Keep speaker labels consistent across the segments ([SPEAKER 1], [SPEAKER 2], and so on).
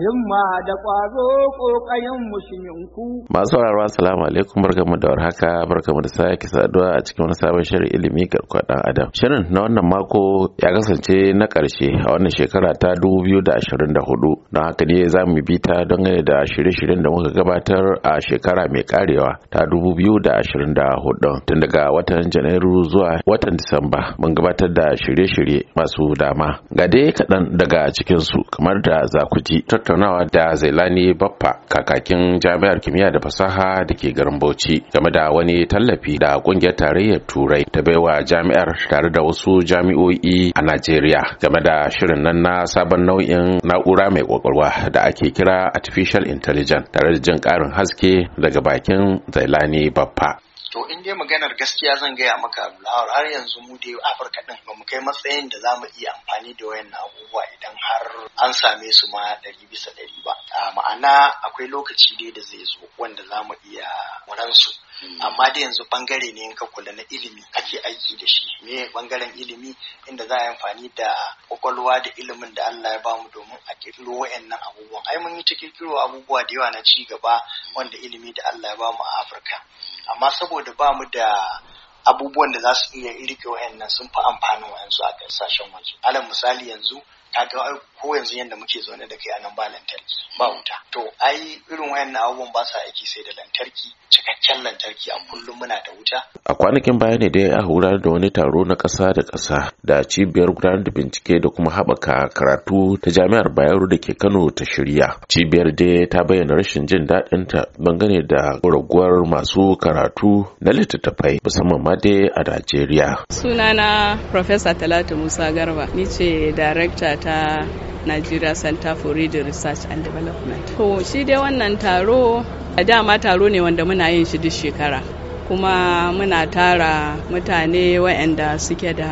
[SPEAKER 1] himma da ƙwazo ƙoƙayen musulminku.
[SPEAKER 2] Masu sauraro assalamu alaikum barkamu da warhaka barkamu da sake saduwa a cikin wani sabon shirin ilimi garkuwa adam. Shirin na wannan mako ya kasance na ƙarshe a wannan shekara ta 2024 don haka ne za mu bi ta dangane da shirye-shiryen da muka gabatar a shekara mai karewa ta 2024 tun daga watan Janairu zuwa watan Disamba mun gabatar da shirye-shirye masu dama. Ga dai kaɗan daga cikinsu kamar da za ku ji tattaunawa da zailani baffa kakakin jami'ar kimiyya da fasaha da ke garin bauchi game da wani tallafi da kungiyar tarayyar turai ta bai wa jami'ar tare da wasu jami'o'i a najeriya game da shirin nan na sabon nau'in na'ura mai kwakwalwa da ake kira artificial intelligence tare da jin karin haske daga bakin zailani baffa
[SPEAKER 3] to in dai maganar gaskiya zan gaya maka lahar har yanzu mu da afirka din ba mu kai matsayin da za mu iya amfani da wayan abubuwa idan har an same su ma ɗari bisa ɗari ba ma'ana akwai lokaci dai da zai zo wanda za mu iya muransu hmm. amma dai yanzu bangare ne in ka kula na ilimi ake aiki da shi me bangaren ilimi inda za a yi amfani da kwakwalwa da ilimin da Allah ya bamu domin a kirkiro wayannan abubuwan ai mun yi ta kirkiro abubuwa da yawa na ci gaba wanda ilimi da Allah ya bamu a Afirka amma saboda ba mu da abubuwan da za su iya irke wayannan sun fi amfanin wayansu a kasashen waje alal misali yanzu kaga ko yanzu yanda muke zaune da kai a nan ba lantarki ba hmm. wuta to ai irin wayannan abubuwan ba sa aiki sai da lantarki cikakken lantarki a kullum muna da wuta
[SPEAKER 2] a kwanakin baya ne dai a gudanar da wani taro na ƙasa da ƙasa da cibiyar gudanar da bincike da kuma haɓaka karatu ta jami'ar bayero da ke kano ta shirya cibiyar dai ta bayyana rashin jin daɗin ta dangane da raguwar masu karatu na littattafai musamman ma dai a najeriya
[SPEAKER 1] sunana professor talatu musa garba ni ce director ta Nigeria Center for Radio Research and Development. To shi dai wannan taro a dama taro ne wanda muna yin shi duk shekara kuma muna tara mutane waɗanda suke da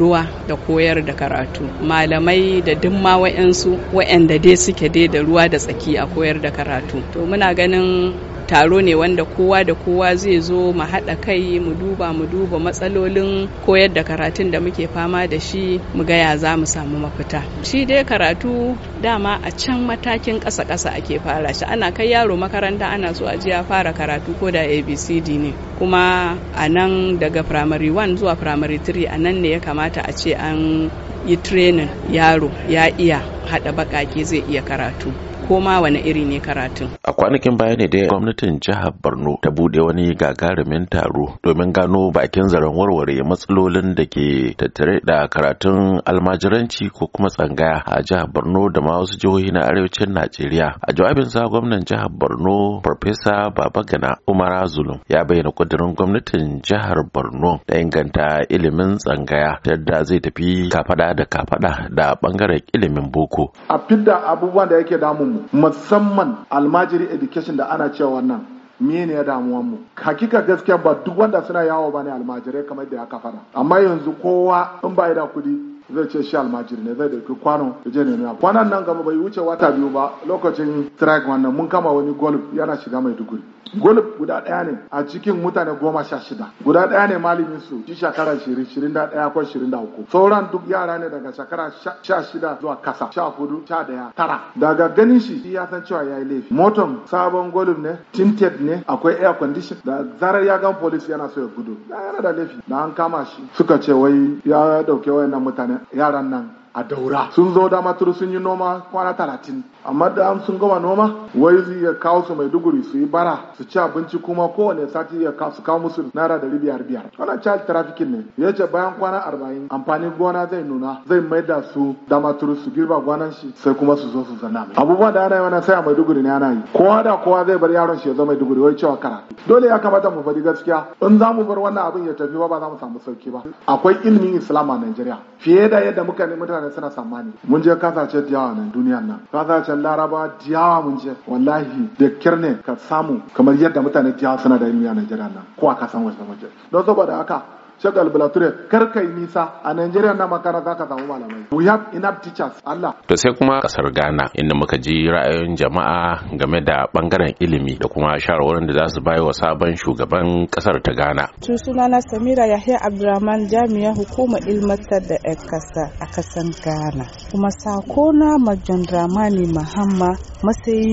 [SPEAKER 1] ruwa da koyar da karatu malamai da dimma waɗansu waɗanda dai suke dai da ruwa da tsaki a koyar da karatu to muna ganin taro ne wanda kowa da kowa zai zo mu haɗa kai mu duba mu duba matsalolin koyar da karatun da muke fama da shi mu gaya ya za mu samu mafita shi dai karatu dama a can matakin ƙasa-ƙasa ake fara shi ana kai yaro makaranta ana so a fara karatu ko da abcd ne kuma a nan daga primary 1 zuwa primary 3 a nan ne ya kamata a ce an yi training yaro ya iya haɗa baƙaƙe zai iya karatu ko ma wani iri ne karatun.
[SPEAKER 2] A kwanakin baya ne da gwamnatin jihar Borno ta bude wani gagarumin taro domin gano bakin zaren warware matsalolin da ke tattare da karatun almajiranci ko kuma tsangaya a jihar Borno da ma wasu jihohi na arewacin Najeriya. A jawabin sa gwamnan jihar Borno Farfesa Gana Umara Zulum ya bayyana kudirin gwamnatin jihar Borno da inganta ilimin tsangaya yadda zai tafi kafada da kafada da bangaren ilimin boko.
[SPEAKER 3] A fidda abubuwan da yake damun mu musamman almajiri education da ana cewa wannan mene ya damuwan mu hakika gaskiya ba duk wanda suna yawo ba ne almajirai kamar da ya kafara amma yanzu kowa in ba da kudi zai ce shi almajiri ne zai dauki kwano ya je nemi abu kwanan nan gaba bai wuce wata biyu ba lokacin strike wannan mun kama wani golf yana shiga mai duguri golf guda ɗaya ne a cikin mutane goma sha shida guda ɗaya ne malamin su shi shakara shirin shirin da ɗaya ko shirin da uku sauran duk yara ne daga shakara sha shida zuwa kasa sha hudu sha daya tara daga ganin shi ya san cewa ya yi laifi moton sabon golf ne tinted ne akwai air condition da zarar ya gan police yana so ya gudu yana da laifi da an kama shi suka ce wai ya dauke wayannan mutane yaran nan a daura sun zo dama turu sun yi noma kwana talatin amma da sun gama noma wai zai iya kawo su mai duguri su yi bara su ci abinci kuma kowane sati ya su kawo musu naira dari biyar biyar wannan child trafficking ne ya ce bayan kwana arba'in amfanin gona zai nuna zai mai da su dama turu su girba gwanan shi sai kuma su zo su zanna mai abubuwan da ana yi wannan sai a mai duguri ne ana yi kowa da kowa zai bar yaron shi ya zama mai duguri wai cewa karatu dole ya kamata mu faɗi gaskiya in za mu bar wannan abin ya tafi ba ba za mu samu sauki ba akwai ilimin islam a Najeriya fiye da yadda muka ne mutane mutane suna tsammani mun je kasashe da nan duniyan nan kasashen laraba diyawa yawa mun je wallahi da kyar ne ka samu kamar yadda mutane da yawa suna da ilimi a Najeriya nan ko a kasan wajen waje don saboda haka Sheikh blatre kar kai nisa a Najeriya na makara za ka samu malamai. We have enough teachers Allah.
[SPEAKER 2] To sai kuma kasar Ghana inda muka ji ra'ayoyin jama'a game da bangaren ilimi da kuma shawarwarin da za su wa sabon shugaban kasar ta Ghana.
[SPEAKER 1] Tun sunana Samira Yahya Abdulrahman jami'a hukumar ilmantar da ƴan kasa a kasar Ghana. Kuma sako na Majon Dramani Mahamma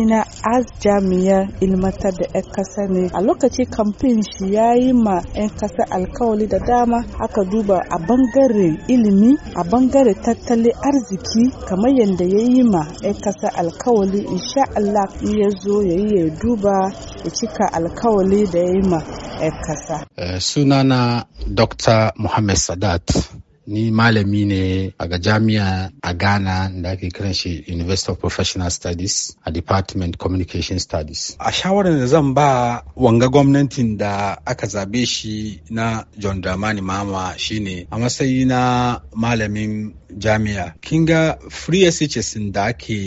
[SPEAKER 1] na as jami'ar ilmantar da ƴan kasa ne a lokaci kamfen shi ya yi ma ƴan kasa alkawali da dama aka duba a bangaren ilimi a bangaren tattalin arziki kamar yadda ya yi ma ya kasa alkawali insha Allah ya zo ya yi ya duba ya cika alkawali da ya yi ma ya kasa.
[SPEAKER 2] Eh, sunana dr muhammad sadat ni malami ne a ga jami'a a ghana da ake kiran shi university of professional studies a department communication studies a shawarar da zan ba wanga gwamnatin da aka zabe shi na john dramani mama shine a matsayi na malamin jami'a kin ga free SHS da ake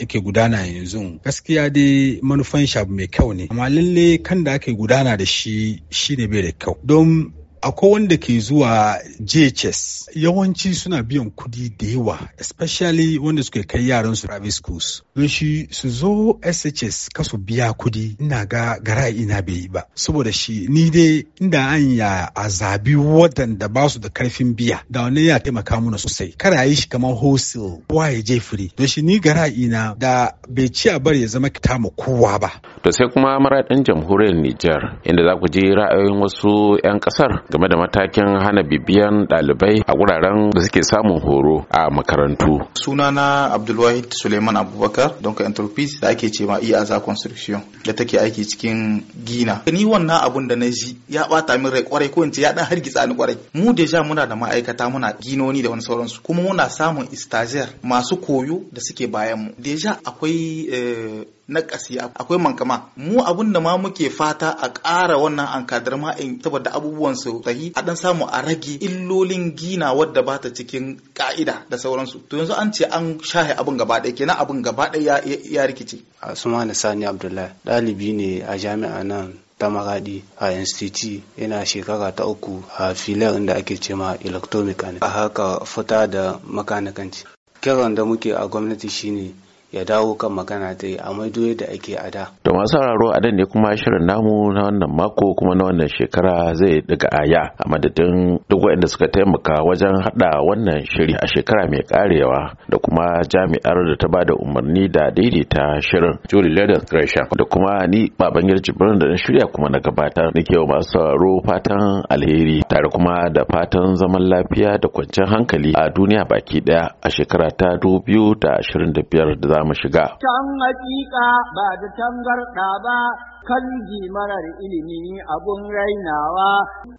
[SPEAKER 2] yake gudana yanzu gaskiya dai manufan shabu mai kyau ne amma lalle kan da ake gudana da shi shine bai da kyau don akwai wanda ke zuwa JHS yawanci suna biyan kudi da yawa especially wanda suke kai yaran su private schools don shi su zo SHS kasu biya kudi ina ga gara ina bai yi ba saboda shi ni dai inda an ya a zabi waɗanda ba su da karfin biya da wani ya taimaka mana sosai kada a yi shi kamar hosil kowa ya je firi don shi ni gara ina da bai ci a bar ya zama kita ma kowa ba to sai kuma mara ɗan jamhuriyar Nijar inda za ku ji ra'ayoyin wasu 'yan ƙasar game da matakin hana bibiyan ɗalibai a wuraren da suke samun horo a makarantu.
[SPEAKER 3] Sunana Abdulwahid Suleiman Abubakar don ka enterprise da ake cewa ma Iyaza Construction da take aiki cikin Gina. Ni wannan abun da na ji ya bata min rai kwarai ko in ce ya dan hargitsa ni kwarai. Mu deja muna da ma'aikata muna ginoni da wani sauransu kuma muna samun stagiaire masu koyo da suke bayan mu. Deja akwai eh, na ƙasiya akwai mankama mu abin da ma muke fata a ƙara wannan an kadar in saboda abubuwan su sahi a dan samu a rage illolin gina wadda ba ta cikin ka'ida da sauransu to yanzu an ce an shahe abun gaba ɗaya kenan abun gaba ɗaya ya rikice
[SPEAKER 1] asuma sani
[SPEAKER 2] abdullahi dalibi ne a jami'a nan ta magadi a NCT yana shekara ta uku a filar inda ake cema electromechanic a haka fita da makanikanci kiran da muke a gwamnati shine ya dawo kan magana ta yi a maido da ake a da. Da masu sauraro a dan ne kuma shirin namu na wannan mako kuma na wannan shekara zai daga aya a madadin duk waɗanda suka taimaka wajen haɗa wannan shiri a shekara mai karewa da kuma jami'ar da ta ba da umarni da daidaita shirin Julie Ledan Gresham da kuma ni Babangir birnin da na shirya kuma na gabatar nake wa masu sauraro fatan alheri tare kuma da fatan zaman lafiya da kwanciyar hankali a duniya baki ɗaya a shekara ta 2025 da za samu shiga.
[SPEAKER 1] Can hakika ba da tangarɗa ba, kan marar ilimi abun rainawa.